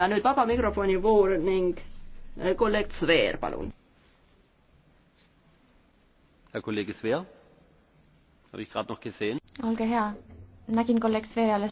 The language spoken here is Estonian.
ja nüüd vaba mikrofoni voor ning äh, kolleeg Sveer, palun. olge hea, nägin kolleeg Sveeri alles.